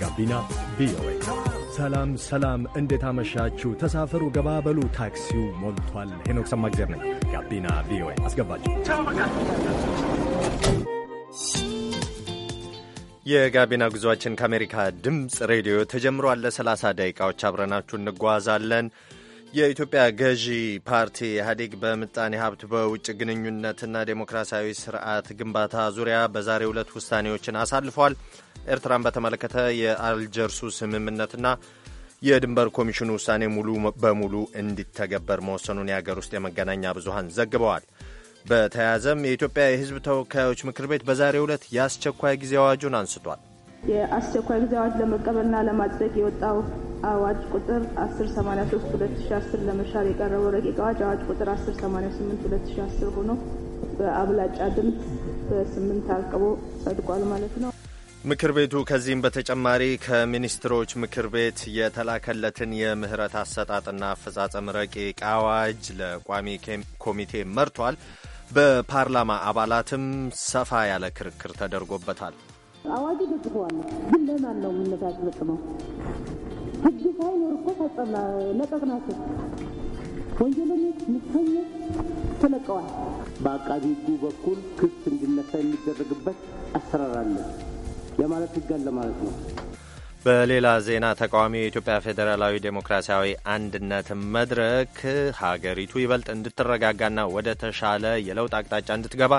ጋቢና ቪኦኤ። ሰላም ሰላም፣ እንዴት አመሻችሁ? ተሳፈሩ፣ ገባበሉ፣ ታክሲው ሞልቷል። ሄኖክ ሰማግዜር ነኝ። ጋቢና ቪኦኤ አስገባችሁ። የጋቢና ጉዟችን ከአሜሪካ ድምፅ ሬዲዮ ተጀምሯል። ለ30 ደቂቃዎች አብረናችሁ እንጓዛለን። የኢትዮጵያ ገዢ ፓርቲ ኢህአዴግ በምጣኔ ሀብት በውጭ ግንኙነትና ዴሞክራሲያዊ ስርዓት ግንባታ ዙሪያ በዛሬ ሁለት ውሳኔዎችን አሳልፏል። ኤርትራን በተመለከተ የአልጀርሱ ስምምነትና የድንበር ኮሚሽኑ ውሳኔ ሙሉ በሙሉ እንዲተገበር መወሰኑን የአገር ውስጥ የመገናኛ ብዙሃን ዘግበዋል። በተያያዘም የኢትዮጵያ የህዝብ ተወካዮች ምክር ቤት በዛሬ ሁለት የአስቸኳይ ጊዜ አዋጁን አንስቷል። የአስቸኳይ ጊዜ አዋጅ ለመቀበልና ለማጽደቅ የወጣው አዋጅ ቁጥር 1083 2010 ለመሻር የቀረበው ረቂቅ አዋጅ አዋጅ ቁጥር 1088 2010 ሆኖ በአብላጫ ድምፅ በስምንት አቅቦ ጸድቋል ማለት ነው። ምክር ቤቱ ከዚህም በተጨማሪ ከሚኒስትሮች ምክር ቤት የተላከለትን የምህረት አሰጣጥና አፈጻጸም ረቂቅ አዋጅ ለቋሚ ኮሚቴ መርቷል። በፓርላማ አባላትም ሰፋ ያለ ክርክር ተደርጎበታል። አዋጅ ደግፈዋል፣ ግን ለማን ነው የምንፈጽመው? ህግ ሳይኖር እኮ ለቀቅ ለቀቅናቸው ወንጀለኞች ምሰኞች ተለቀዋል። በአቃቢ ህጉ በኩል ክስ እንዲነሳ የሚደረግበት አሰራር አለ ለማለት ህጋን ለማለት ማለት ነው። በሌላ ዜና ተቃዋሚ የኢትዮጵያ ፌዴራላዊ ዴሞክራሲያዊ አንድነት መድረክ ሀገሪቱ ይበልጥ እንድትረጋጋና ወደ ተሻለ የለውጥ አቅጣጫ እንድትገባ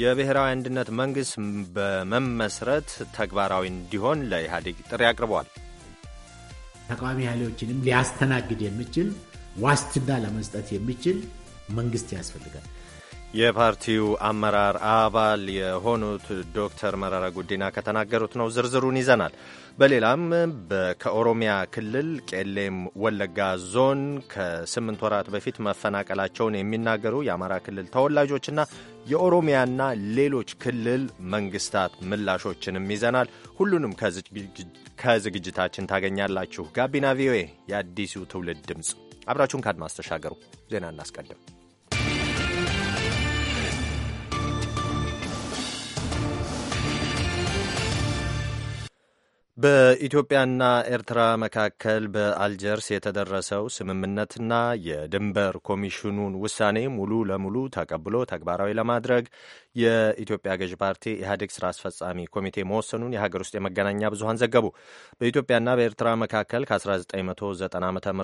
የብሔራዊ አንድነት መንግሥት በመመስረት ተግባራዊ እንዲሆን ለኢህአዴግ ጥሪ አቅርበዋል። ተቃዋሚ ኃይሎችንም ሊያስተናግድ የሚችል ዋስትና ለመስጠት የሚችል መንግስት ያስፈልጋል። የፓርቲው አመራር አባል የሆኑት ዶክተር መራራ ጉዲና ከተናገሩት ነው። ዝርዝሩን ይዘናል። በሌላም ከኦሮሚያ ክልል ቄሌም ወለጋ ዞን ከስምንት ወራት በፊት መፈናቀላቸውን የሚናገሩ የአማራ ክልል ተወላጆችና የኦሮሚያና ሌሎች ክልል መንግስታት ምላሾችንም ይዘናል። ሁሉንም ከዝግጅታችን ታገኛላችሁ። ጋቢና ቪኦኤ የአዲሱ ትውልድ ድምፅ፣ አብራችሁን ካድማስ ተሻገሩ። ዜና እናስቀድም። በኢትዮጵያና ኤርትራ መካከል በአልጀርስ የተደረሰው ስምምነትና የድንበር ኮሚሽኑን ውሳኔ ሙሉ ለሙሉ ተቀብሎ ተግባራዊ ለማድረግ የኢትዮጵያ ገዢ ፓርቲ ኢህአዴግ ስራ አስፈጻሚ ኮሚቴ መወሰኑን የሀገር ውስጥ የመገናኛ ብዙሀን ዘገቡ። በኢትዮጵያና በኤርትራ መካከል ከ1990 ዓ ም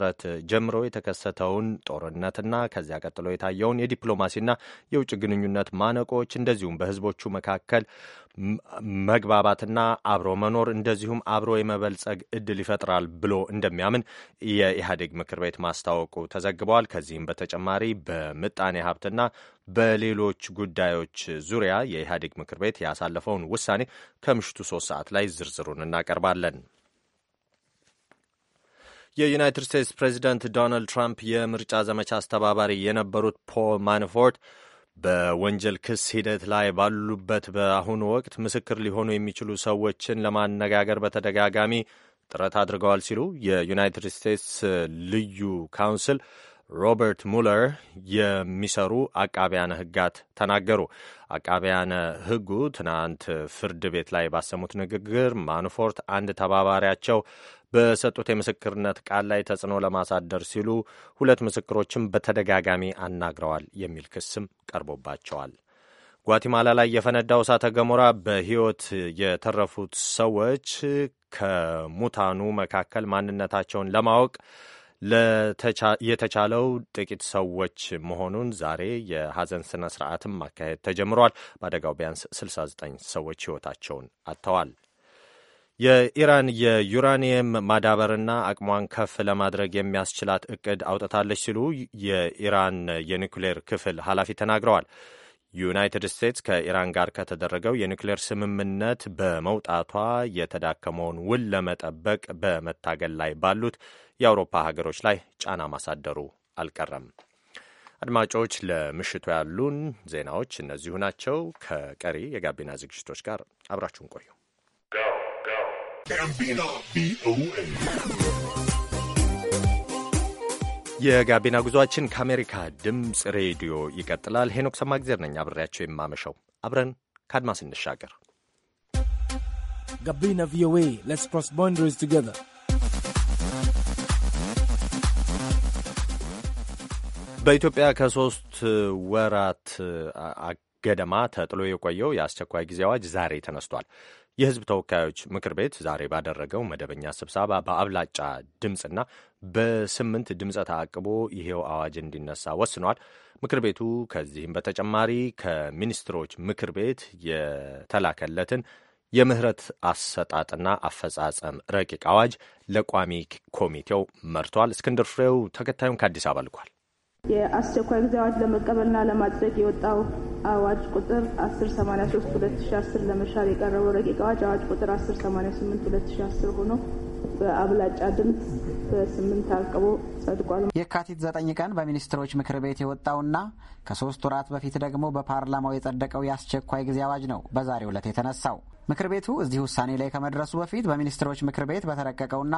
ጀምሮ የተከሰተውን ጦርነትና ከዚያ ቀጥሎ የታየውን የዲፕሎማሲና የውጭ ግንኙነት ማነቆች እንደዚሁም በህዝቦቹ መካከል መግባባትና አብሮ መኖር እንደዚሁም አብሮ የመበልጸግ እድል ይፈጥራል ብሎ እንደሚያምን የኢህአዴግ ምክር ቤት ማስታወቁ ተዘግበዋል። ከዚህም በተጨማሪ በምጣኔ ሀብትና በሌሎች ጉዳዮች ዙሪያ የኢህአዴግ ምክር ቤት ያሳለፈውን ውሳኔ ከምሽቱ ሶስት ሰዓት ላይ ዝርዝሩን እናቀርባለን። የዩናይትድ ስቴትስ ፕሬዚደንት ዶናልድ ትራምፕ የምርጫ ዘመቻ አስተባባሪ የነበሩት ፖል ማንፎርት በወንጀል ክስ ሂደት ላይ ባሉበት በአሁኑ ወቅት ምስክር ሊሆኑ የሚችሉ ሰዎችን ለማነጋገር በተደጋጋሚ ጥረት አድርገዋል ሲሉ የዩናይትድ ስቴትስ ልዩ ካውንስል ሮበርት ሙለር የሚሰሩ አቃቢያነ ህጋት ተናገሩ። አቃቢያነ ህጉ ትናንት ፍርድ ቤት ላይ ባሰሙት ንግግር ማንፎርት አንድ ተባባሪያቸው በሰጡት የምስክርነት ቃል ላይ ተጽዕኖ ለማሳደር ሲሉ ሁለት ምስክሮችም በተደጋጋሚ አናግረዋል የሚል ክስም ቀርቦባቸዋል። ጓቲማላ ላይ የፈነዳው እሳተ ገሞራ በሕይወት የተረፉት ሰዎች ከሙታኑ መካከል ማንነታቸውን ለማወቅ የተቻለው ጥቂት ሰዎች መሆኑን ዛሬ የሐዘን ስነ ስርዓትም ማካሄድ ተጀምሯል። በአደጋው ቢያንስ 69 ሰዎች ሕይወታቸውን አጥተዋል። የኢራን የዩራኒየም ማዳበርና አቅሟን ከፍ ለማድረግ የሚያስችላት እቅድ አውጥታለች ሲሉ የኢራን የኒውክሌር ክፍል ኃላፊ ተናግረዋል። ዩናይትድ ስቴትስ ከኢራን ጋር ከተደረገው የኒውክሌር ስምምነት በመውጣቷ የተዳከመውን ውል ለመጠበቅ በመታገል ላይ ባሉት የአውሮፓ ሀገሮች ላይ ጫና ማሳደሩ አልቀረም። አድማጮች፣ ለምሽቱ ያሉን ዜናዎች እነዚሁ ናቸው። ከቀሪ የጋቢና ዝግጅቶች ጋር አብራችሁን ቆዩ። የጋቢና ጉዟችን ከአሜሪካ ድምፅ ሬዲዮ ይቀጥላል። ሄኖክ ሰማግዜር ነኝ አብሬያቸው የማመሸው። አብረን ከአድማስ እንሻገር። ጋቢና ቪኦኤ ሌትስ ክሮስ ቦንደሪስ ቱጌዘር። በኢትዮጵያ ከሶስት ወራት ገደማ ተጥሎ የቆየው የአስቸኳይ ጊዜ አዋጅ ዛሬ ተነስቷል። የህዝብ ተወካዮች ምክር ቤት ዛሬ ባደረገው መደበኛ ስብሰባ በአብላጫ ድምፅና በስምንት ድምፀ ተአቅቦ ይሄው አዋጅ እንዲነሳ ወስኗል። ምክር ቤቱ ከዚህም በተጨማሪ ከሚኒስትሮች ምክር ቤት የተላከለትን የምህረት አሰጣጥና አፈጻጸም ረቂቅ አዋጅ ለቋሚ ኮሚቴው መርቷል። እስክንድር ፍሬው ተከታዩን ከአዲስ አበባ ልኳል። የአስቸኳይ ጊዜ አዋጅ ለመቀበልና ለማጽደቅ የወጣው አዋጅ ቁጥር 1083 2010 ለመሻር የቀረበው ረቂቅ አዋጅ አዋጅ ቁጥር 1088 2010 ሆኖ በአብላጫ ድምፅ በስምንት አቅቦ ጸድቋል። የካቲት ዘጠኝ ቀን በሚኒስትሮች ምክር ቤት የወጣውና ከሶስት ወራት በፊት ደግሞ በፓርላማው የጸደቀው የአስቸኳይ ጊዜ አዋጅ ነው በዛሬው ዕለት የተነሳው። ምክር ቤቱ እዚህ ውሳኔ ላይ ከመድረሱ በፊት በሚኒስትሮች ምክር ቤት በተረቀቀውና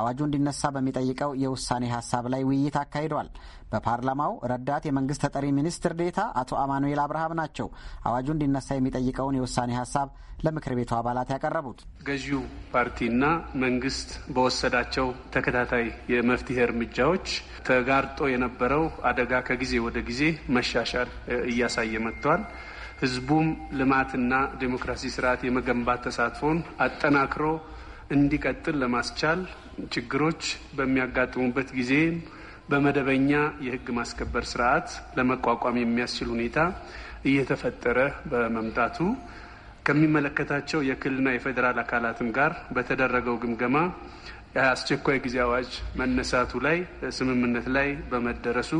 አዋጁ እንዲነሳ በሚጠይቀው የውሳኔ ሀሳብ ላይ ውይይት አካሂዷል። በፓርላማው ረዳት የመንግስት ተጠሪ ሚኒስትር ዴታ አቶ አማኑኤል አብርሃም ናቸው አዋጁ እንዲነሳ የሚጠይቀውን የውሳኔ ሀሳብ ለምክር ቤቱ አባላት ያቀረቡት። ገዢው ፓርቲና መንግስት በወሰዳቸው ተከታታይ የመፍትሄ እርምጃዎች ተጋርጦ የነበረው አደጋ ከጊዜ ወደ ጊዜ መሻሻል እያሳየ መጥቷል። ህዝቡም ልማትና ዴሞክራሲ ስርዓት የመገንባት ተሳትፎን አጠናክሮ እንዲቀጥል ለማስቻል ችግሮች በሚያጋጥሙበት ጊዜ በመደበኛ የህግ ማስከበር ስርዓት ለመቋቋም የሚያስችል ሁኔታ እየተፈጠረ በመምጣቱ ከሚመለከታቸው የክልልና የፌዴራል አካላትም ጋር በተደረገው ግምገማ የአስቸኳይ ጊዜ አዋጅ መነሳቱ ላይ ስምምነት ላይ በመደረሱ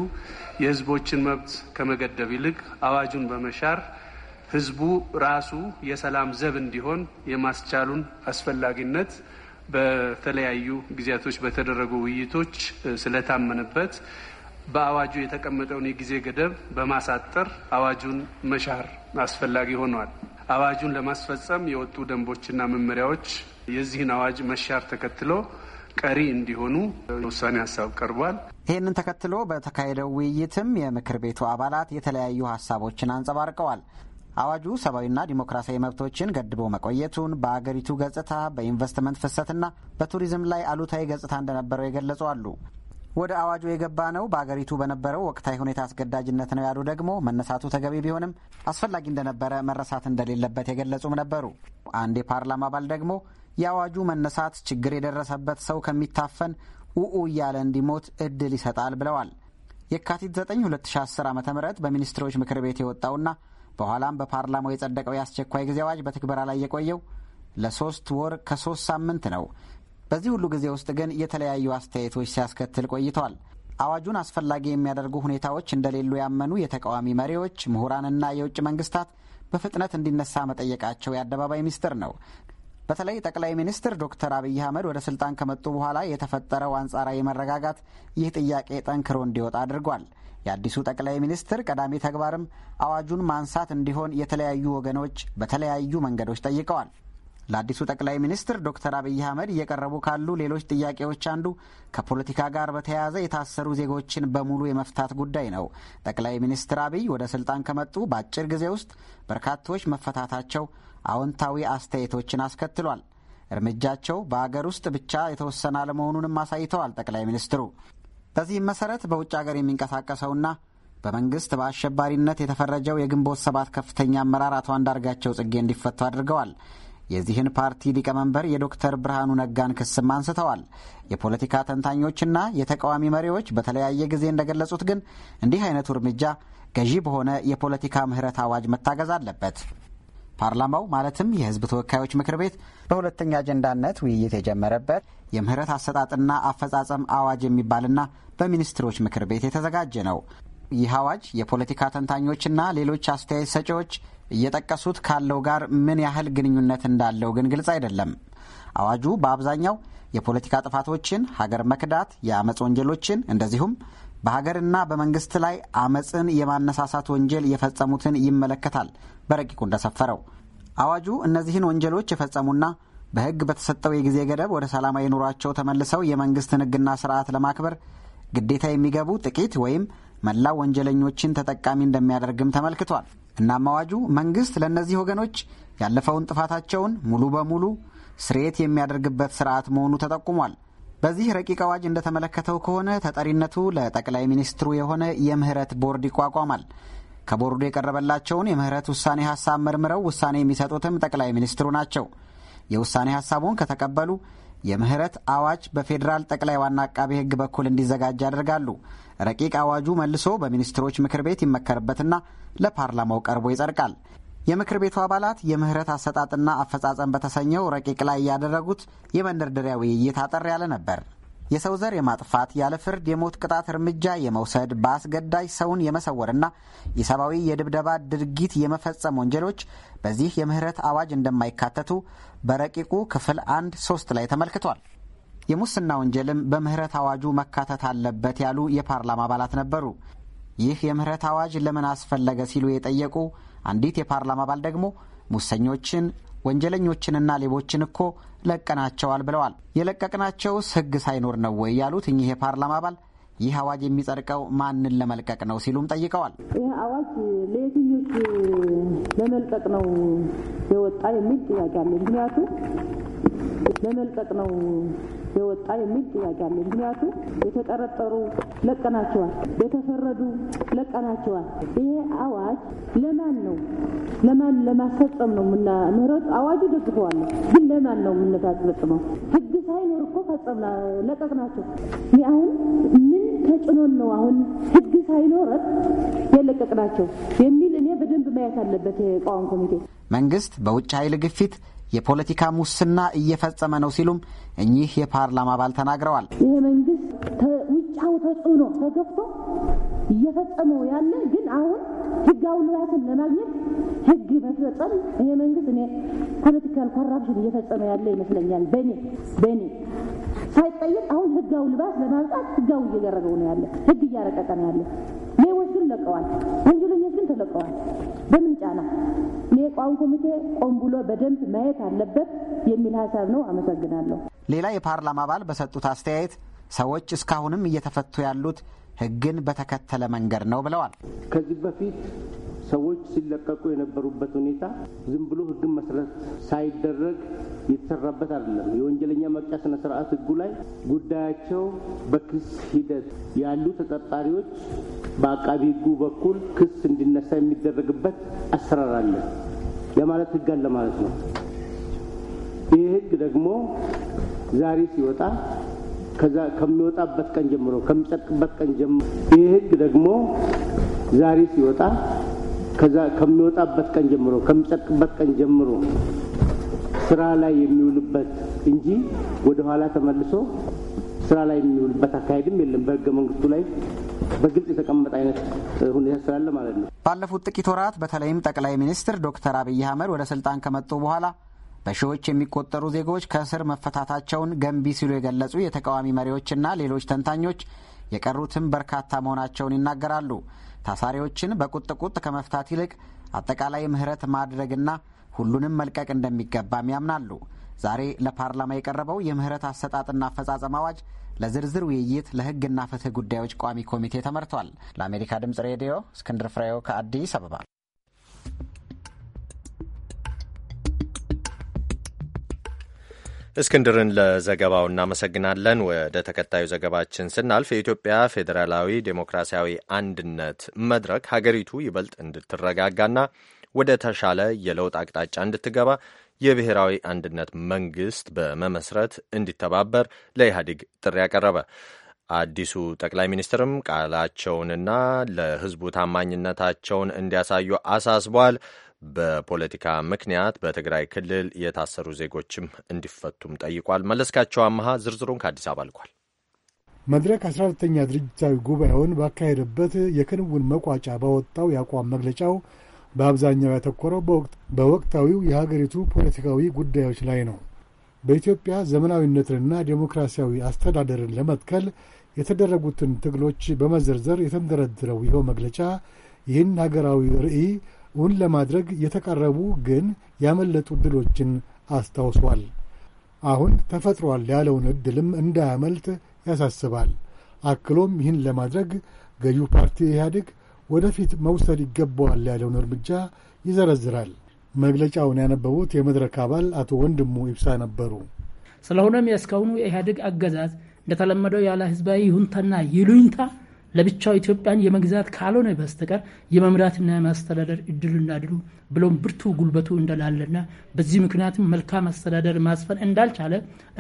የህዝቦችን መብት ከመገደብ ይልቅ አዋጁን በመሻር ህዝቡ ራሱ የሰላም ዘብ እንዲሆን የማስቻሉን አስፈላጊነት በተለያዩ ጊዜያቶች በተደረጉ ውይይቶች ስለታመነበት በአዋጁ የተቀመጠውን የጊዜ ገደብ በማሳጠር አዋጁን መሻር አስፈላጊ ሆኗል። አዋጁን ለማስፈጸም የወጡ ደንቦችና መመሪያዎች የዚህን አዋጅ መሻር ተከትሎ ቀሪ እንዲሆኑ ውሳኔ ሀሳብ ቀርቧል። ይህንን ተከትሎ በተካሄደው ውይይትም የምክር ቤቱ አባላት የተለያዩ ሀሳቦችን አንጸባርቀዋል። አዋጁ ሰብአዊና ዲሞክራሲያዊ መብቶችን ገድቦ መቆየቱን በአገሪቱ ገጽታ፣ በኢንቨስትመንት ፍሰትና በቱሪዝም ላይ አሉታዊ ገጽታ እንደነበረው የገለጹ አሉ። ወደ አዋጁ የገባ ነው በአገሪቱ በነበረው ወቅታዊ ሁኔታ አስገዳጅነት ነው ያሉ ደግሞ መነሳቱ ተገቢ ቢሆንም አስፈላጊ እንደነበረ መረሳት እንደሌለበት የገለጹም ነበሩ። አንድ የፓርላማ አባል ደግሞ የአዋጁ መነሳት ችግር የደረሰበት ሰው ከሚታፈን ውኡ እያለ እንዲሞት እድል ይሰጣል ብለዋል። የካቲት 9 2010 ዓ ም በሚኒስትሮች ምክር ቤት የወጣውና በኋላም በፓርላማው የጸደቀው የአስቸኳይ ጊዜ አዋጅ በትግበራ ላይ የቆየው ለሶስት ወር ከሶስት ሳምንት ነው። በዚህ ሁሉ ጊዜ ውስጥ ግን የተለያዩ አስተያየቶች ሲያስከትል ቆይተዋል። አዋጁን አስፈላጊ የሚያደርጉ ሁኔታዎች እንደሌሉ ያመኑ የተቃዋሚ መሪዎች፣ ምሁራንና የውጭ መንግስታት በፍጥነት እንዲነሳ መጠየቃቸው የአደባባይ ሚስጥር ነው። በተለይ ጠቅላይ ሚኒስትር ዶክተር አብይ አህመድ ወደ ስልጣን ከመጡ በኋላ የተፈጠረው አንጻራዊ መረጋጋት ይህ ጥያቄ ጠንክሮ እንዲወጣ አድርጓል። የአዲሱ ጠቅላይ ሚኒስትር ቀዳሚ ተግባርም አዋጁን ማንሳት እንዲሆን የተለያዩ ወገኖች በተለያዩ መንገዶች ጠይቀዋል። ለአዲሱ ጠቅላይ ሚኒስትር ዶክተር አብይ አህመድ እየቀረቡ ካሉ ሌሎች ጥያቄዎች አንዱ ከፖለቲካ ጋር በተያያዘ የታሰሩ ዜጎችን በሙሉ የመፍታት ጉዳይ ነው። ጠቅላይ ሚኒስትር አብይ ወደ ስልጣን ከመጡ በአጭር ጊዜ ውስጥ በርካቶች መፈታታቸው አዎንታዊ አስተያየቶችን አስከትሏል። እርምጃቸው በአገር ውስጥ ብቻ የተወሰነ አለመሆኑንም አሳይተዋል ጠቅላይ ሚኒስትሩ። በዚህም መሰረት በውጭ አገር የሚንቀሳቀሰውና በመንግስት በአሸባሪነት የተፈረጀው የግንቦት ሰባት ከፍተኛ አመራር አቶ አንዳርጋቸው ጽጌ እንዲፈቱ አድርገዋል። የዚህን ፓርቲ ሊቀመንበር የዶክተር ብርሃኑ ነጋን ክስም አንስተዋል። የፖለቲካ ተንታኞችና የተቃዋሚ መሪዎች በተለያየ ጊዜ እንደገለጹት ግን እንዲህ አይነቱ እርምጃ ገዢ በሆነ የፖለቲካ ምህረት አዋጅ መታገዝ አለበት። ፓርላማው ማለትም የህዝብ ተወካዮች ምክር ቤት በሁለተኛ አጀንዳነት ውይይት የጀመረበት የምህረት አሰጣጥና አፈጻጸም አዋጅ የሚባልና በሚኒስትሮች ምክር ቤት የተዘጋጀ ነው። ይህ አዋጅ የፖለቲካ ተንታኞችና ሌሎች አስተያየት ሰጪዎች እየጠቀሱት ካለው ጋር ምን ያህል ግንኙነት እንዳለው ግን ግልጽ አይደለም። አዋጁ በአብዛኛው የፖለቲካ ጥፋቶችን፣ ሀገር መክዳት፣ የአመፅ ወንጀሎችን እንደዚሁም በሀገርና በመንግስት ላይ አመፅን የማነሳሳት ወንጀል የፈጸሙትን ይመለከታል። በረቂቁ እንደሰፈረው አዋጁ እነዚህን ወንጀሎች የፈጸሙና በሕግ በተሰጠው የጊዜ ገደብ ወደ ሰላማዊ ኑሯቸው ተመልሰው የመንግስትን ሕግና ስርዓት ለማክበር ግዴታ የሚገቡ ጥቂት ወይም መላው ወንጀለኞችን ተጠቃሚ እንደሚያደርግም ተመልክቷል። እናም አዋጁ መንግስት ለእነዚህ ወገኖች ያለፈውን ጥፋታቸውን ሙሉ በሙሉ ስርየት የሚያደርግበት ስርዓት መሆኑ ተጠቁሟል። በዚህ ረቂቅ አዋጅ እንደተመለከተው ከሆነ ተጠሪነቱ ለጠቅላይ ሚኒስትሩ የሆነ የምህረት ቦርድ ይቋቋማል። ከቦርዱ የቀረበላቸውን የምህረት ውሳኔ ሀሳብ መርምረው ውሳኔ የሚሰጡትም ጠቅላይ ሚኒስትሩ ናቸው። የውሳኔ ሀሳቡን ከተቀበሉ የምህረት አዋጅ በፌዴራል ጠቅላይ ዋና አቃቤ ሕግ በኩል እንዲዘጋጅ ያደርጋሉ። ረቂቅ አዋጁ መልሶ በሚኒስትሮች ምክር ቤት ይመከርበትና ለፓርላማው ቀርቦ ይጸድቃል። የምክር ቤቱ አባላት የምህረት አሰጣጥና አፈጻጸም በተሰኘው ረቂቅ ላይ ያደረጉት የመንደርደሪያ ውይይት አጠር ያለ ነበር። የሰው ዘር የማጥፋት ያለ ፍርድ የሞት ቅጣት እርምጃ የመውሰድ በአስገዳጅ ሰውን የመሰወርና የሰብአዊ የድብደባ ድርጊት የመፈጸም ወንጀሎች በዚህ የምህረት አዋጅ እንደማይካተቱ በረቂቁ ክፍል አንድ ሶስት ላይ ተመልክቷል። የሙስና ወንጀልም በምህረት አዋጁ መካተት አለበት ያሉ የፓርላማ አባላት ነበሩ። ይህ የምህረት አዋጅ ለምን አስፈለገ ሲሉ የጠየቁ አንዲት የፓርላማ አባል ደግሞ ሙሰኞችን፣ ወንጀለኞችንና ሌቦችን እኮ ለቀናቸዋል ብለዋል። የለቀቅናቸውስ ህግ ሳይኖር ነው ወይ ያሉት እኚህ የፓርላማ አባል ይህ አዋጅ የሚጸድቀው ማንን ለመልቀቅ ነው ሲሉም ጠይቀዋል። ይህ አዋጅ ለየትኞች ለመልቀቅ ነው የወጣ የሚል ጥያቄ አለ። ምክንያቱም ለመልቀቅ ነው የወጣ የሚል ጥያቄ አለ። ምክንያቱም የተጠረጠሩ ለቀናቸዋል፣ የተፈረዱ ለቀናቸዋል። ይሄ አዋጅ ለማን ነው? ለማን ለማስፈጸም ነው ምና አዋጁ ደግፈዋል፣ ግን ለማን ነው የምናስፈጽመው? ህግ ሳይኖር እኮ ፈጸምና ለቀቅናቸው። አሁን ምን ተጭኖን ነው አሁን ህግ ሳይኖረት የለቀቅናቸው የሚል እኔ በደንብ ማየት አለበት የቋን ኮሚቴ መንግስት በውጭ ኃይል ግፊት የፖለቲካ ሙስና እየፈጸመ ነው ሲሉም እኚህ የፓርላማ አባል ተናግረዋል። ይሄ መንግስት ውጫው ተጽዕኖ ተገብቶ እየፈጸመው ያለ ግን አሁን ህጋዊ ልባትን ለማግኘት ህግ መፈጸም ይህ መንግስት እኔ ፖለቲካል ኮራፕሽን እየፈጸመ ያለ ይመስለኛል። በኔ በኔ ሳይጠየቅ አሁን ህጋዊ ልባት ለማምጣት ህጋው እየደረገው ነው ያለ ህግ እያረቀቀ ነው ያለ ሌቦች ግን ለቀዋል፣ ወንጀለኞች ግን ተለቀዋል። በምን ጫና የምርጫውን ኮሚቴ ቆም ብሎ በደንብ ማየት አለበት የሚል ሀሳብ ነው። አመሰግናለሁ። ሌላ የፓርላማ አባል በሰጡት አስተያየት ሰዎች እስካሁንም እየተፈቱ ያሉት ሕግን በተከተለ መንገድ ነው ብለዋል። ከዚህ በፊት ሰዎች ሲለቀቁ የነበሩበት ሁኔታ ዝም ብሎ ሕግን መሰረት ሳይደረግ የተሰራበት አይደለም። የወንጀለኛ መቅጫ ስነ ስርዓት ሕጉ ላይ ጉዳያቸው በክስ ሂደት ያሉ ተጠርጣሪዎች በአቃቢ ሕጉ በኩል ክስ እንዲነሳ የሚደረግበት አሰራር አለ። ለማለት ህግ አለ ማለት ነው። ይህ ህግ ደግሞ ዛሬ ሲወጣ ከዛ ከሚወጣበት ቀን ጀምሮ ከሚጸድቅበት ቀን ጀምሮ ይህ ህግ ደግሞ ዛሬ ሲወጣ ከዛ ከሚወጣበት ቀን ጀምሮ ከሚጸድቅበት ቀን ጀምሮ ስራ ላይ የሚውልበት እንጂ ወደኋላ ተመልሶ ስራ ላይ የሚውልበት አካሄድም የለም በህገ መንግስቱ ላይ በግልጽ የተቀመጠ አይነት ሁኔታ ስላለ ማለት ነው። ባለፉት ጥቂት ወራት በተለይም ጠቅላይ ሚኒስትር ዶክተር አብይ አህመድ ወደ ስልጣን ከመጡ በኋላ በሺዎች የሚቆጠሩ ዜጎች ከእስር መፈታታቸውን ገንቢ ሲሉ የገለጹ የተቃዋሚ መሪዎችና ሌሎች ተንታኞች የቀሩትም በርካታ መሆናቸውን ይናገራሉ። ታሳሪዎችን በቁጥቁጥ ከመፍታት ይልቅ አጠቃላይ ምህረት ማድረግና ሁሉንም መልቀቅ እንደሚገባም ያምናሉ። ዛሬ ለፓርላማ የቀረበው የምህረት አሰጣጥና አፈጻጸም አዋጅ ለዝርዝር ውይይት ለህግና ፍትህ ጉዳዮች ቋሚ ኮሚቴ ተመርቷል። ለአሜሪካ ድምጽ ሬዲዮ እስክንድር ፍሬው ከአዲስ አበባ። እስክንድርን ለዘገባው እናመሰግናለን። ወደ ተከታዩ ዘገባችን ስናልፍ የኢትዮጵያ ፌዴራላዊ ዴሞክራሲያዊ አንድነት መድረክ ሀገሪቱ ይበልጥ እንድትረጋጋና ወደ ተሻለ የለውጥ አቅጣጫ እንድትገባ የብሔራዊ አንድነት መንግስት በመመስረት እንዲተባበር ለኢህአዴግ ጥሪ ያቀረበ አዲሱ ጠቅላይ ሚኒስትርም ቃላቸውንና ለህዝቡ ታማኝነታቸውን እንዲያሳዩ አሳስቧል። በፖለቲካ ምክንያት በትግራይ ክልል የታሰሩ ዜጎችም እንዲፈቱም ጠይቋል። መለስካቸው አመሃ ዝርዝሩን ከአዲስ አበባ ልኳል። መድረክ 14ተኛ ድርጅታዊ ጉባኤውን ባካሄደበት የክንውን መቋጫ ባወጣው የአቋም መግለጫው በአብዛኛው ያተኮረው በወቅታዊው የሀገሪቱ ፖለቲካዊ ጉዳዮች ላይ ነው። በኢትዮጵያ ዘመናዊነትንና ዴሞክራሲያዊ አስተዳደርን ለመትከል የተደረጉትን ትግሎች በመዘርዘር የተንደረደረው ይኸው መግለጫ ይህን ሀገራዊ ራዕይ እውን ለማድረግ የተቃረቡ ግን ያመለጡ ድሎችን አስታውሷል። አሁን ተፈጥሯል ያለውን ዕድልም እንዳያመልጥ ያሳስባል። አክሎም ይህን ለማድረግ ገዢው ፓርቲ ኢህአዴግ ወደፊት መውሰድ ይገባዋል ያለውን እርምጃ ይዘረዝራል። መግለጫውን ያነበቡት የመድረክ አባል አቶ ወንድሙ ኢብሳ ነበሩ። ስለሆነም የእስካሁኑ የኢህአዴግ አገዛዝ እንደተለመደው ያለ ህዝባዊ ይሁንታና ይሉኝታ ለብቻው ኢትዮጵያን የመግዛት ካልሆነ በስተቀር የመምራትና የማስተዳደር እድልና እናድሉ ብሎም ብርቱ ጉልበቱ እንደላለና በዚህ ምክንያትም መልካም አስተዳደር ማስፈን እንዳልቻለ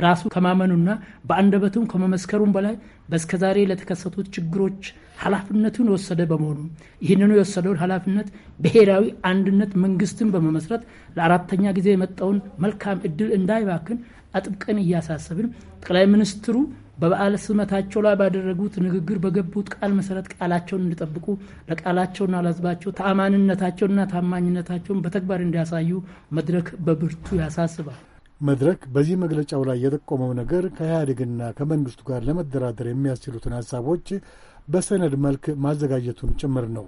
ራሱ ከማመኑና በአንደበቱም ከመመስከሩም በላይ በስከዛሬ ለተከሰቱት ችግሮች ኃላፊነቱን የወሰደ በመሆኑ ይህንኑ የወሰደውን ኃላፊነት ብሔራዊ አንድነት መንግስትን በመመስረት ለአራተኛ ጊዜ የመጣውን መልካም እድል እንዳይባክን አጥብቀን እያሳሰብን ጠቅላይ ሚኒስትሩ በበዓለ ስመታቸው ላይ ባደረጉት ንግግር በገቡት ቃል መሰረት ቃላቸውን እንዲጠብቁ ለቃላቸውና ለሕዝባቸው ተአማንነታቸውና ታማኝነታቸውን በተግባር እንዲያሳዩ መድረክ በብርቱ ያሳስባል። መድረክ በዚህ መግለጫው ላይ የጠቆመው ነገር ከኢህአዴግና ከመንግስቱ ጋር ለመደራደር የሚያስችሉትን ሀሳቦች በሰነድ መልክ ማዘጋጀቱን ጭምር ነው።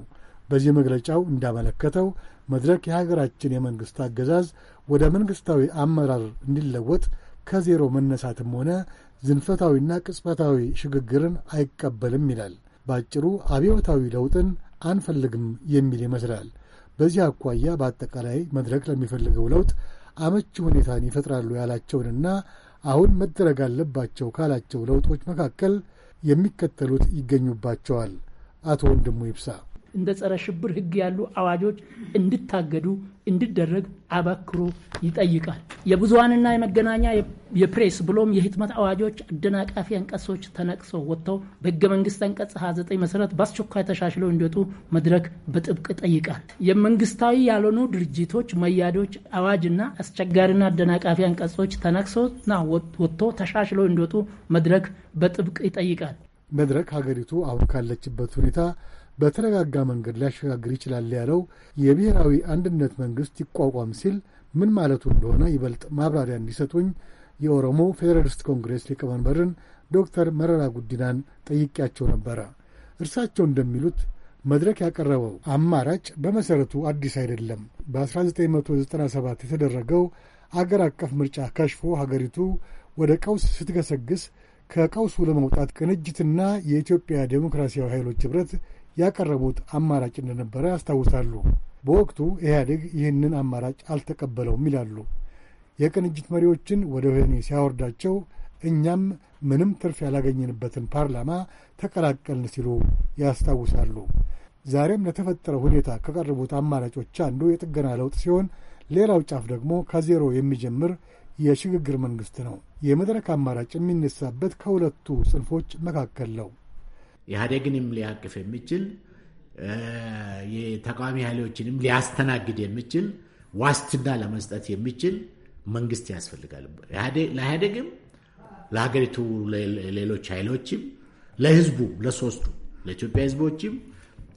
በዚህ መግለጫው እንዳመለከተው መድረክ የሀገራችን የመንግሥት አገዛዝ ወደ መንግሥታዊ አመራር እንዲለወጥ ከዜሮ መነሳትም ሆነ ዝንፈታዊና ቅጽበታዊ ሽግግርን አይቀበልም ይላል። በአጭሩ አብዮታዊ ለውጥን አንፈልግም የሚል ይመስላል። በዚህ አኳያ በአጠቃላይ መድረክ ለሚፈልገው ለውጥ አመቺ ሁኔታን ይፈጥራሉ ያላቸውንና አሁን መደረግ አለባቸው ካላቸው ለውጦች መካከል የሚከተሉት ይገኙባቸዋል። አቶ ወንድሙ ይብሳ እንደ ጸረ ሽብር ህግ ያሉ አዋጆች እንዲታገዱ እንዲደረግ አበክሮ ይጠይቃል። የብዙሃንና የመገናኛ የፕሬስ ብሎም የህትመት አዋጆች አደናቃፊ አንቀሶች ተነቅሰው ወጥተው በህገ መንግስት አንቀጽ 29 መሰረት በአስቸኳይ ተሻሽለው እንዲወጡ መድረክ በጥብቅ ይጠይቃል። የመንግስታዊ ያልሆኑ ድርጅቶች መያዶች አዋጅና አስቸጋሪና አደናቃፊ አንቀጾች ተነቅሰውና ወጥቶ ተሻሽለው እንዲወጡ መድረክ በጥብቅ ይጠይቃል። መድረክ ሀገሪቱ አሁን ካለችበት ሁኔታ በተረጋጋ መንገድ ሊያሸጋግር ይችላል ያለው የብሔራዊ አንድነት መንግስት ይቋቋም ሲል ምን ማለቱ እንደሆነ ይበልጥ ማብራሪያ እንዲሰጡኝ የኦሮሞ ፌዴራሊስት ኮንግሬስ ሊቀመንበርን ዶክተር መረራ ጉዲናን ጠይቄያቸው ነበረ። እርሳቸው እንደሚሉት መድረክ ያቀረበው አማራጭ በመሠረቱ አዲስ አይደለም። በ1997 የተደረገው አገር አቀፍ ምርጫ ከሽፎ ሀገሪቱ ወደ ቀውስ ስትገሰግስ ከቀውሱ ለመውጣት ቅንጅትና የኢትዮጵያ ዴሞክራሲያዊ ኃይሎች ኅብረት ያቀረቡት አማራጭ እንደነበረ ያስታውሳሉ። በወቅቱ ኢህአዴግ ይህንን አማራጭ አልተቀበለውም ይላሉ። የቅንጅት መሪዎችን ወደ ወህኒ ሲያወርዳቸው እኛም ምንም ትርፍ ያላገኘንበትን ፓርላማ ተቀላቀልን ሲሉ ያስታውሳሉ። ዛሬም ለተፈጠረው ሁኔታ ከቀረቡት አማራጮች አንዱ የጥገና ለውጥ ሲሆን፣ ሌላው ጫፍ ደግሞ ከዜሮ የሚጀምር የሽግግር መንግስት ነው። የመድረክ አማራጭ የሚነሳበት ከሁለቱ ጽንፎች መካከል ነው። ኢህአዴግንም ሊያቅፍ የሚችል የተቃዋሚ ኃይሎችንም ሊያስተናግድ የሚችል ዋስትና ለመስጠት የሚችል መንግስት ያስፈልጋል። ለኢህአዴግም፣ ለሀገሪቱ ሌሎች ኃይሎችም፣ ለህዝቡ፣ ለሶስቱ ለኢትዮጵያ ህዝቦችም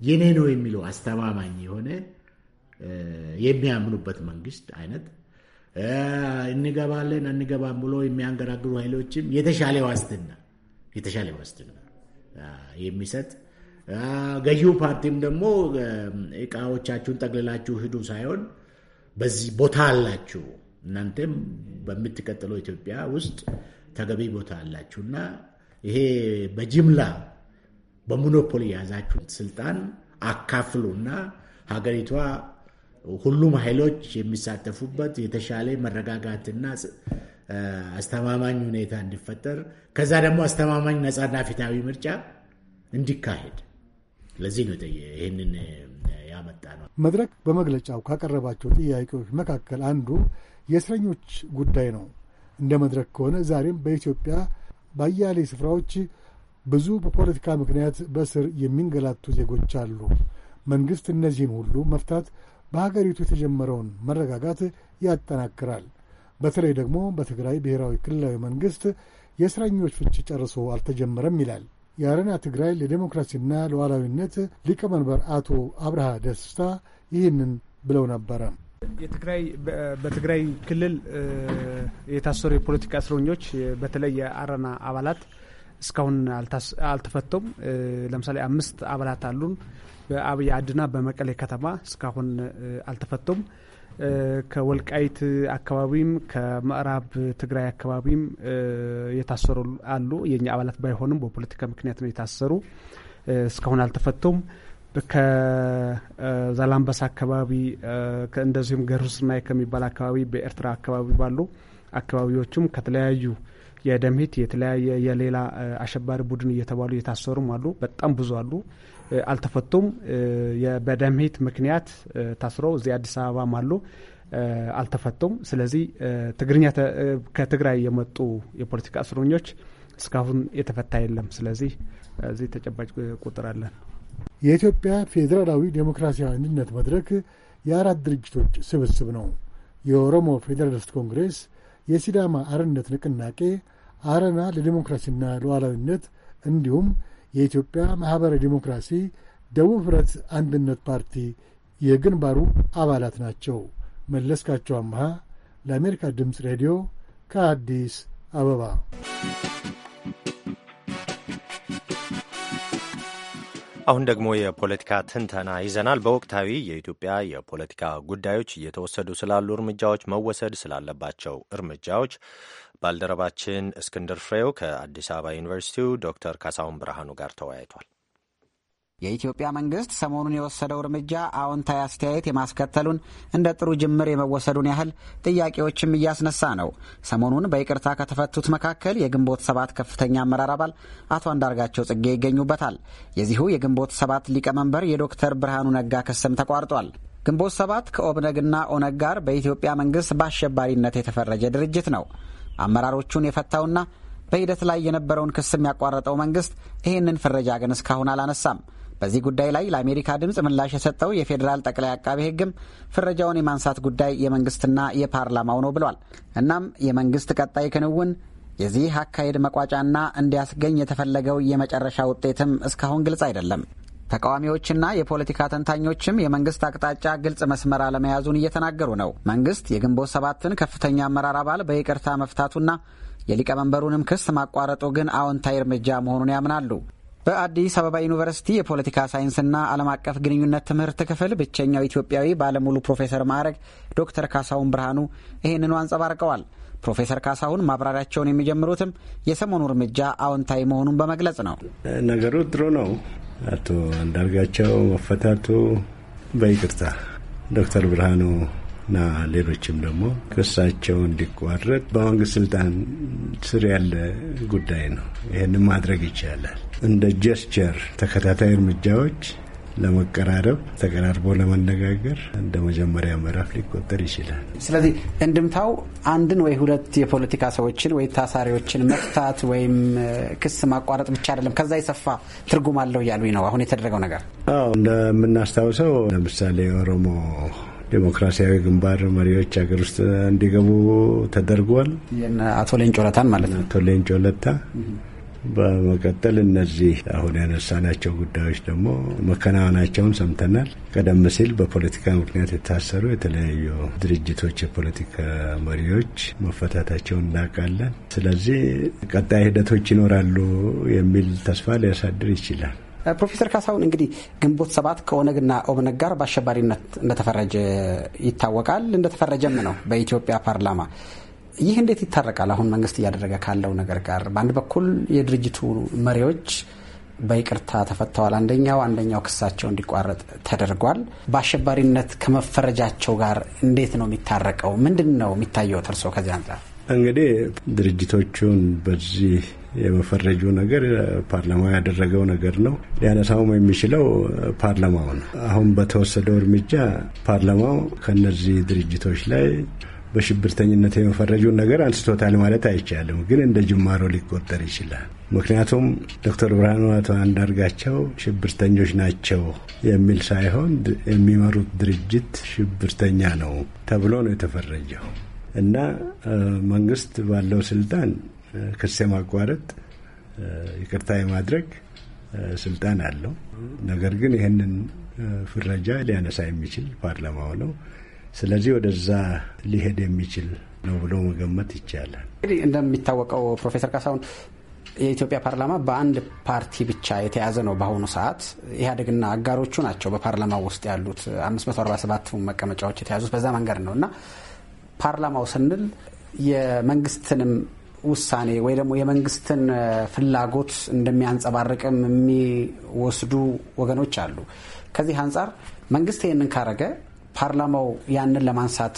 የኔ ነው የሚለው አስተማማኝ የሆነ የሚያምኑበት መንግስት አይነት እንገባለን አንገባም ብሎ የሚያንገራግሩ ኃይሎችም የተሻለ ዋስትና የተሻለ ዋስትና የሚሰጥ ገዢው ፓርቲም ደግሞ እቃዎቻችሁን ጠቅልላችሁ ሂዱ ሳይሆን በዚህ ቦታ አላችሁ እናንተም በምትቀጥለው ኢትዮጵያ ውስጥ ተገቢ ቦታ አላችሁ እና ይሄ በጅምላ በሞኖፖሊ የያዛችሁን ስልጣን አካፍሉ እና ሀገሪቷ ሁሉም ኃይሎች የሚሳተፉበት የተሻለ መረጋጋትና አስተማማኝ ሁኔታ እንዲፈጠር ከዛ ደግሞ አስተማማኝ ነጻና ፊታዊ ምርጫ እንዲካሄድ ለዚህ ነው ይህንን ያመጣ ነው። መድረክ በመግለጫው ካቀረባቸው ጥያቄዎች መካከል አንዱ የእስረኞች ጉዳይ ነው። እንደ መድረክ ከሆነ ዛሬም በኢትዮጵያ በአያሌ ስፍራዎች ብዙ በፖለቲካ ምክንያት በእስር የሚንገላቱ ዜጎች አሉ። መንግሥት እነዚህን ሁሉ መፍታት በሀገሪቱ የተጀመረውን መረጋጋት ያጠናክራል። በተለይ ደግሞ በትግራይ ብሔራዊ ክልላዊ መንግስት የእስረኞች ፍቺ ጨርሶ አልተጀመረም ይላል። የአረና ትግራይ ለዴሞክራሲና ለዋላዊነት ሊቀመንበር አቶ አብርሃ ደስታ ይህንን ብለው ነበረ። የትግራይ በትግራይ ክልል የታሰሩ የፖለቲካ እስረኞች በተለይ የአረና አባላት እስካሁን አልተፈቶም። ለምሳሌ አምስት አባላት አሉን በአብይ አድና በመቀሌ ከተማ እስካሁን አልተፈቱም። ከወልቃይት አካባቢም ከምዕራብ ትግራይ አካባቢም የታሰሩ አሉ። የኛ አባላት ባይሆንም በፖለቲካ ምክንያት ነው የታሰሩ፣ እስካሁን አልተፈቱም። ከዛላምበሳ አካባቢ እንደዚሁም ገሩስናይ ከሚባል አካባቢ በኤርትራ አካባቢ ባሉ አካባቢዎችም ከተለያዩ የደምሂት የተለያየ የሌላ አሸባሪ ቡድን እየተባሉ እየታሰሩም አሉ። በጣም ብዙ አሉ። አልተፈቱም። በደምሂት ምክንያት ታስረው እዚህ አዲስ አበባም አሉ አልተፈቱም። ስለዚህ ትግርኛ ከትግራይ የመጡ የፖለቲካ እስረኞች እስካሁን የተፈታ የለም። ስለዚህ እዚህ ተጨባጭ ቁጥር አለን። የኢትዮጵያ ፌዴራላዊ ዴሞክራሲያዊ አንድነት መድረክ የአራት ድርጅቶች ስብስብ ነው። የኦሮሞ ፌዴራሊስት ኮንግሬስ፣ የሲዳማ አርነት ንቅናቄ፣ አረና ለዲሞክራሲና ለዋላዊነት እንዲሁም የኢትዮጵያ ማኅበረ ዲሞክራሲ ደቡብ ኅብረት አንድነት ፓርቲ የግንባሩ አባላት ናቸው። መለስካቸው አምሃ ለአሜሪካ ድምፅ ሬዲዮ ከአዲስ አበባ አሁን ደግሞ የፖለቲካ ትንተና ይዘናል። በወቅታዊ የኢትዮጵያ የፖለቲካ ጉዳዮች እየተወሰዱ ስላሉ እርምጃዎች፣ መወሰድ ስላለባቸው እርምጃዎች ባልደረባችን እስክንድር ፍሬው ከአዲስ አበባ ዩኒቨርሲቲው ዶክተር ካሳሁን ብርሃኑ ጋር ተወያይቷል። የኢትዮጵያ መንግስት ሰሞኑን የወሰደው እርምጃ አዎንታዊ አስተያየት የማስከተሉን እንደ ጥሩ ጅምር የመወሰዱን ያህል ጥያቄዎችም እያስነሳ ነው። ሰሞኑን በይቅርታ ከተፈቱት መካከል የግንቦት ሰባት ከፍተኛ አመራር አባል አቶ አንዳርጋቸው ጽጌ ይገኙበታል። የዚሁ የግንቦት ሰባት ሊቀመንበር የዶክተር ብርሃኑ ነጋ ክስም ተቋርጧል። ግንቦት ሰባት ከኦብነግና ኦነግ ጋር በኢትዮጵያ መንግስት በአሸባሪነት የተፈረጀ ድርጅት ነው። አመራሮቹን የፈታውና በሂደት ላይ የነበረውን ክስም ያቋረጠው መንግስት ይህንን ፍረጃ ግን እስካሁን አላነሳም። በዚህ ጉዳይ ላይ ለአሜሪካ ድምፅ ምላሽ የሰጠው የፌዴራል ጠቅላይ አቃቤ ሕግም ፍረጃውን የማንሳት ጉዳይ የመንግስትና የፓርላማው ነው ብሏል። እናም የመንግስት ቀጣይ ክንውን የዚህ አካሄድ መቋጫና እንዲያስገኝ የተፈለገው የመጨረሻ ውጤትም እስካሁን ግልጽ አይደለም። ተቃዋሚዎችና የፖለቲካ ተንታኞችም የመንግስት አቅጣጫ ግልጽ መስመር አለመያዙን እየተናገሩ ነው። መንግስት የግንቦት ሰባትን ከፍተኛ አመራር አባል በይቅርታ መፍታቱና የሊቀመንበሩንም ክስ ማቋረጡ ግን አዎንታዊ እርምጃ መሆኑን ያምናሉ። በአዲስ አበባ ዩኒቨርሲቲ የፖለቲካ ሳይንስና ዓለም አቀፍ ግንኙነት ትምህርት ክፍል ብቸኛው ኢትዮጵያዊ ባለሙሉ ፕሮፌሰር ማዕረግ ዶክተር ካሳሁን ብርሃኑ ይህንኑ አንጸባርቀዋል። ፕሮፌሰር ካሳሁን ማብራሪያቸውን የሚጀምሩትም የሰሞኑ እርምጃ አዎንታዊ መሆኑን በመግለጽ ነው። ነገሩ ጥሩ ነው። አቶ አንዳርጋቸው መፈታቱ በይቅርታ ዶክተር ብርሃኑ እና ሌሎችም ደግሞ ክሳቸው እንዲቋረጥ በመንግስት ስልጣን ስር ያለ ጉዳይ ነው። ይህንን ማድረግ ይቻላል። እንደ ጀስቸር ተከታታይ እርምጃዎች ለመቀራረብ ተቀራርቦ ለመነጋገር እንደ መጀመሪያ ምዕራፍ ሊቆጠር ይችላል። ስለዚህ እንድምታው አንድን ወይ ሁለት የፖለቲካ ሰዎችን ወይ ታሳሪዎችን መፍታት ወይም ክስ ማቋረጥ ብቻ አይደለም፣ ከዛ የሰፋ ትርጉም አለው እያሉኝ ነው። አሁን የተደረገው ነገር አዎ፣ እንደምናስታውሰው ለምሳሌ የኦሮሞ ዴሞክራሲያዊ ግንባር መሪዎች ሀገር ውስጥ እንዲገቡ ተደርጓል። አቶ ሌንጮ ለታን ማለት ነው። አቶ ሌንጮ ለታ በመቀጠል እነዚህ አሁን ያነሳናቸው ጉዳዮች ደግሞ መከናወናቸውን ሰምተናል። ቀደም ሲል በፖለቲካ ምክንያት የታሰሩ የተለያዩ ድርጅቶች የፖለቲካ መሪዎች መፈታታቸውን እናውቃለን። ስለዚህ ቀጣይ ሂደቶች ይኖራሉ የሚል ተስፋ ሊያሳድር ይችላል። ፕሮፌሰር ካሳሁን እንግዲህ ግንቦት ሰባት ከኦነግና ኦብነግ ጋር በአሸባሪነት እንደተፈረጀ ይታወቃል። እንደተፈረጀም ነው በኢትዮጵያ ፓርላማ። ይህ እንዴት ይታረቃል? አሁን መንግስት እያደረገ ካለው ነገር ጋር በአንድ በኩል የድርጅቱ መሪዎች በይቅርታ ተፈተዋል። አንደኛው አንደኛው ክሳቸው እንዲቋረጥ ተደርጓል። በአሸባሪነት ከመፈረጃቸው ጋር እንዴት ነው የሚታረቀው? ምንድን ነው የሚታየው እርሶ ከዚህ አንጻር? እንግዲህ ድርጅቶቹን በዚህ የመፈረጁ ነገር ፓርላማው ያደረገው ነገር ነው። ሊያነሳውም የሚችለው ፓርላማው ነው። አሁን በተወሰደው እርምጃ ፓርላማው ከነዚህ ድርጅቶች ላይ በሽብርተኝነት የመፈረጁን ነገር አንስቶታል ማለት አይቻልም፣ ግን እንደ ጅማሮ ሊቆጠር ይችላል። ምክንያቱም ዶክተር ብርሃኑ አቶ አንዳርጋቸው ሽብርተኞች ናቸው የሚል ሳይሆን የሚመሩት ድርጅት ሽብርተኛ ነው ተብሎ ነው የተፈረጀው እና መንግስት ባለው ስልጣን ክስ የማቋረጥ ይቅርታ የማድረግ ስልጣን አለው። ነገር ግን ይህንን ፍረጃ ሊያነሳ የሚችል ፓርላማው ነው። ስለዚህ ወደዛ ሊሄድ የሚችል ነው ብሎ መገመት ይቻላል። እንግዲህ እንደሚታወቀው ፕሮፌሰር ካሳሁን የኢትዮጵያ ፓርላማ በአንድ ፓርቲ ብቻ የተያዘ ነው። በአሁኑ ሰዓት ኢህአዴግና አጋሮቹ ናቸው በፓርላማው ውስጥ ያሉት 547 መቀመጫዎች የተያዙት በዛ መንገድ ነው እና ፓርላማው ስንል የመንግስትንም ውሳኔ ወይ ደግሞ የመንግስትን ፍላጎት እንደሚያንጸባርቅም የሚወስዱ ወገኖች አሉ። ከዚህ አንጻር መንግስት ይህንን ካረገ ፓርላማው ያንን ለማንሳት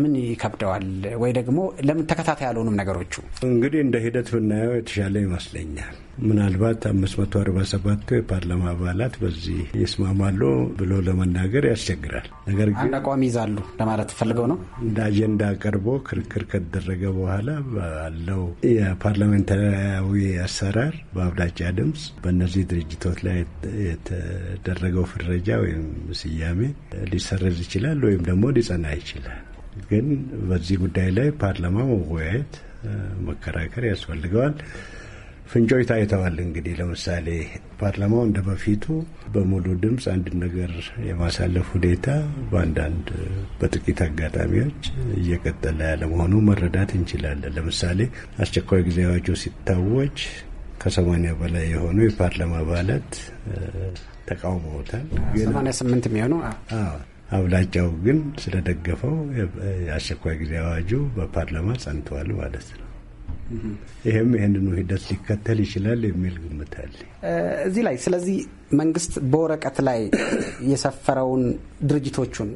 ምን ይከብደዋል? ወይ ደግሞ ለምን ተከታታይ ያልሆኑም ነገሮቹ እንግዲህ እንደ ሂደት ብናየው የተሻለ ይመስለኛል። ምናልባት አምስት መቶ አርባ ሰባቱ የፓርላማ አባላት በዚህ ይስማማሉ ብሎ ለመናገር ያስቸግራል። ነገር ግን አንድ አቋም ይዛሉ ለማለት ፈልገው ነው። እንደ አጀንዳ ቀርቦ ክርክር ከተደረገ በኋላ ባለው የፓርላሜንታዊ አሰራር በአብላጫ ድምፅ በእነዚህ ድርጅቶች ላይ የተደረገው ፍረጃ ወይም ስያሜ ሊሰረዝ ይችላል ወይም ደግሞ ሊጸና ይችላል። ግን በዚህ ጉዳይ ላይ ፓርላማ መወያየት፣ መከራከር ያስፈልገዋል። ፍንጮች ታይተዋል። እንግዲህ ለምሳሌ ፓርላማው እንደ በፊቱ በሙሉ ድምፅ አንድ ነገር የማሳለፍ ሁኔታ በአንዳንድ በጥቂት አጋጣሚዎች እየቀጠለ ያለመሆኑ መረዳት እንችላለን። ለምሳሌ አስቸኳይ ጊዜ አዋጁ ሲታወጅ ከሰማኒያ በላይ የሆኑ የፓርላማ አባላት ተቃውመውታል። ሰማኒያ ስምንት የሚሆኑ አብላጫው ግን ስለደገፈው የአስቸኳይ ጊዜ አዋጁ በፓርላማ ጸንተዋል ማለት ነው። ይህም ይህንኑ ሂደት ሊከተል ይችላል የሚል ግምት አለ እዚህ ላይ። ስለዚህ መንግስት በወረቀት ላይ የሰፈረውን ድርጅቶቹን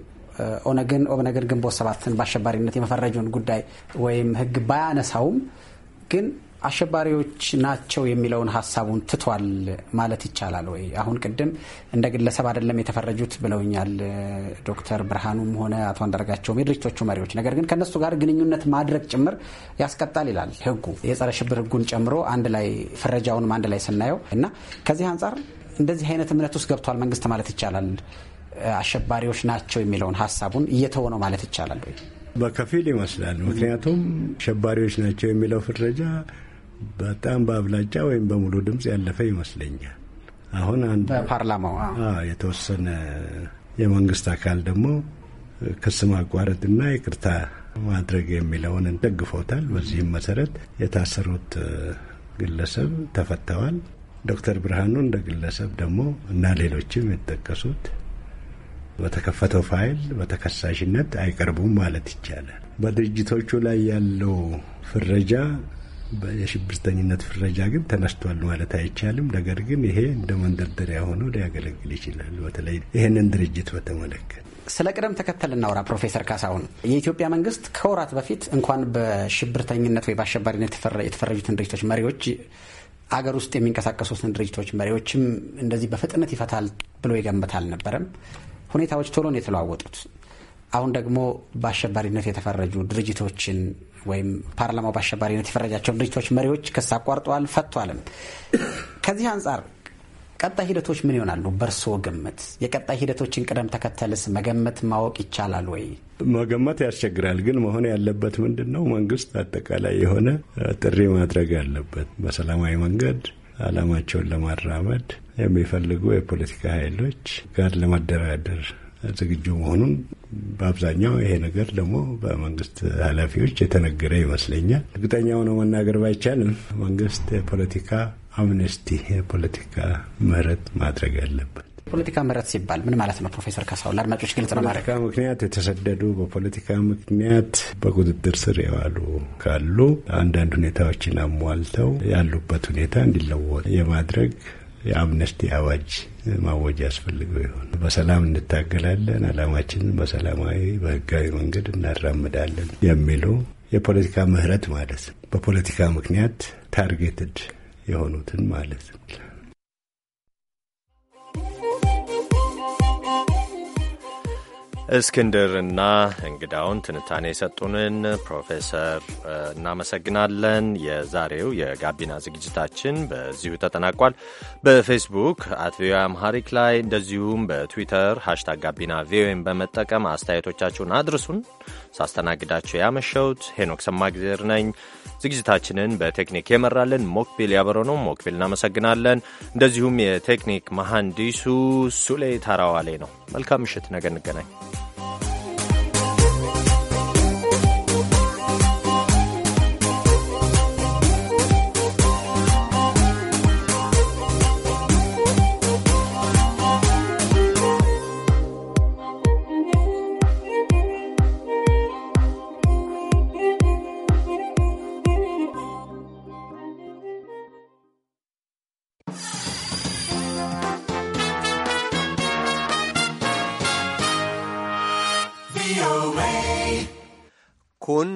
ኦነግን፣ ኦብነግን፣ ግንቦት ሰባትን በአሸባሪነት የመፈረጁን ጉዳይ ወይም ህግ ባያነሳውም ግን አሸባሪዎች ናቸው የሚለውን ሀሳቡን ትቷል ማለት ይቻላል ወይ? አሁን ቅድም እንደ ግለሰብ አይደለም የተፈረጁት ብለውኛል ዶክተር ብርሃኑም ሆነ አቶ አንዳርጋቸውም የድርጅቶቹ መሪዎች። ነገር ግን ከእነሱ ጋር ግንኙነት ማድረግ ጭምር ያስቀጣል ይላል ህጉ የጸረ ሽብር ህጉን ጨምሮ አንድ ላይ ፍረጃውንም አንድ ላይ ስናየው እና ከዚህ አንጻር እንደዚህ አይነት እምነት ውስጥ ገብቷል መንግስት ማለት ይቻላል አሸባሪዎች ናቸው የሚለውን ሀሳቡን እየተወ ነው ማለት ይቻላል ወይ? በከፊል ይመስላል። ምክንያቱም አሸባሪዎች ናቸው የሚለው ፍረጃ በጣም በአብላጫ ወይም በሙሉ ድምፅ ያለፈ ይመስለኛል። አሁን አንድ ፓርላማው የተወሰነ የመንግስት አካል ደግሞ ክስ ማቋረጥና ይቅርታ ማድረግ የሚለውን ደግፎታል። በዚህም መሰረት የታሰሩት ግለሰብ ተፈተዋል። ዶክተር ብርሃኑ እንደ ግለሰብ ደግሞ እና ሌሎችም የተጠቀሱት በተከፈተው ፋይል በተከሳሽነት አይቀርቡም ማለት ይቻላል። በድርጅቶቹ ላይ ያለው ፍረጃ የሽብርተኝነት ፍረጃ ግን ተነስቷል ማለት አይቻልም። ነገር ግን ይሄ እንደ መንደርደሪያ ሆኖ ሊያገለግል ይችላል። በተለይ ይህንን ድርጅት በተመለከተ ስለ ቅደም ተከተል እናውራ። ፕሮፌሰር ካሳሁን የኢትዮጵያ መንግስት ከወራት በፊት እንኳን በሽብርተኝነት ወይ በአሸባሪነት የተፈረጁትን ድርጅቶች መሪዎች አገር ውስጥ የሚንቀሳቀሱትን ድርጅቶች መሪዎችም እንደዚህ በፍጥነት ይፈታል ብሎ ይገምት አልነበረም። ሁኔታዎች ቶሎ ነው የተለዋወጡት። አሁን ደግሞ በአሸባሪነት የተፈረጁ ድርጅቶችን ወይም ፓርላማው በአሸባሪነት የፈረጃቸውን ድርጅቶች መሪዎች ክስ አቋርጠዋል፣ ፈቷልም። ከዚህ አንጻር ቀጣይ ሂደቶች ምን ይሆናሉ? በእርስዎ ግምት የቀጣይ ሂደቶችን ቅደም ተከተልስ መገመት ማወቅ ይቻላል ወይ? መገመት ያስቸግራል። ግን መሆን ያለበት ምንድን ነው? መንግስት አጠቃላይ የሆነ ጥሪ ማድረግ አለበት። በሰላማዊ መንገድ አላማቸውን ለማራመድ የሚፈልጉ የፖለቲካ ኃይሎች ጋር ለመደራደር ዝግጁ መሆኑን በአብዛኛው ይሄ ነገር ደግሞ በመንግስት ኃላፊዎች የተነገረ ይመስለኛል። እርግጠኛ ሆኖ መናገር ባይቻልም መንግስት የፖለቲካ አምነስቲ የፖለቲካ ምህረት ማድረግ አለበት። የፖለቲካ ምህረት ሲባል ምን ማለት ነው? ፕሮፌሰር ካሳው ለአድማጮች ግልጽ ነው። በፖለቲካ ምክንያት የተሰደዱ በፖለቲካ ምክንያት በቁጥጥር ስር የዋሉ ካሉ አንዳንድ ሁኔታዎችን አሟልተው ያሉበት ሁኔታ እንዲለወጥ የማድረግ የአምነስቲ አዋጅ ማወጅ ያስፈልገው ይሆን? በሰላም እንታገላለን፣ አላማችንን በሰላማዊ በህጋዊ መንገድ እናራምዳለን የሚለው የፖለቲካ ምህረት ማለት በፖለቲካ ምክንያት ታርጌትድ የሆኑትን ማለት ነው። እስክንድርና እንግዳውን ትንታኔ የሰጡንን ፕሮፌሰር እናመሰግናለን። የዛሬው የጋቢና ዝግጅታችን በዚሁ ተጠናቋል። በፌስቡክ አት ቪኦኤ አምሃሪክ ላይ እንደዚሁም በትዊተር ሃሽታግ ጋቢና ቪኦኤን በመጠቀም አስተያየቶቻችሁን አድርሱን። ሳስተናግዳቸው ያመሸውት ሄኖክ ሰማግዜር ነኝ። ዝግጅታችንን በቴክኒክ የመራልን ሞክቢል ያበረ ነው። ሞክቢል እናመሰግናለን። እንደዚሁም የቴክኒክ መሐንዲሱ ሱሌ ታራዋሌ ነው። መልካም ምሽት፣ ነገ እንገናኝ።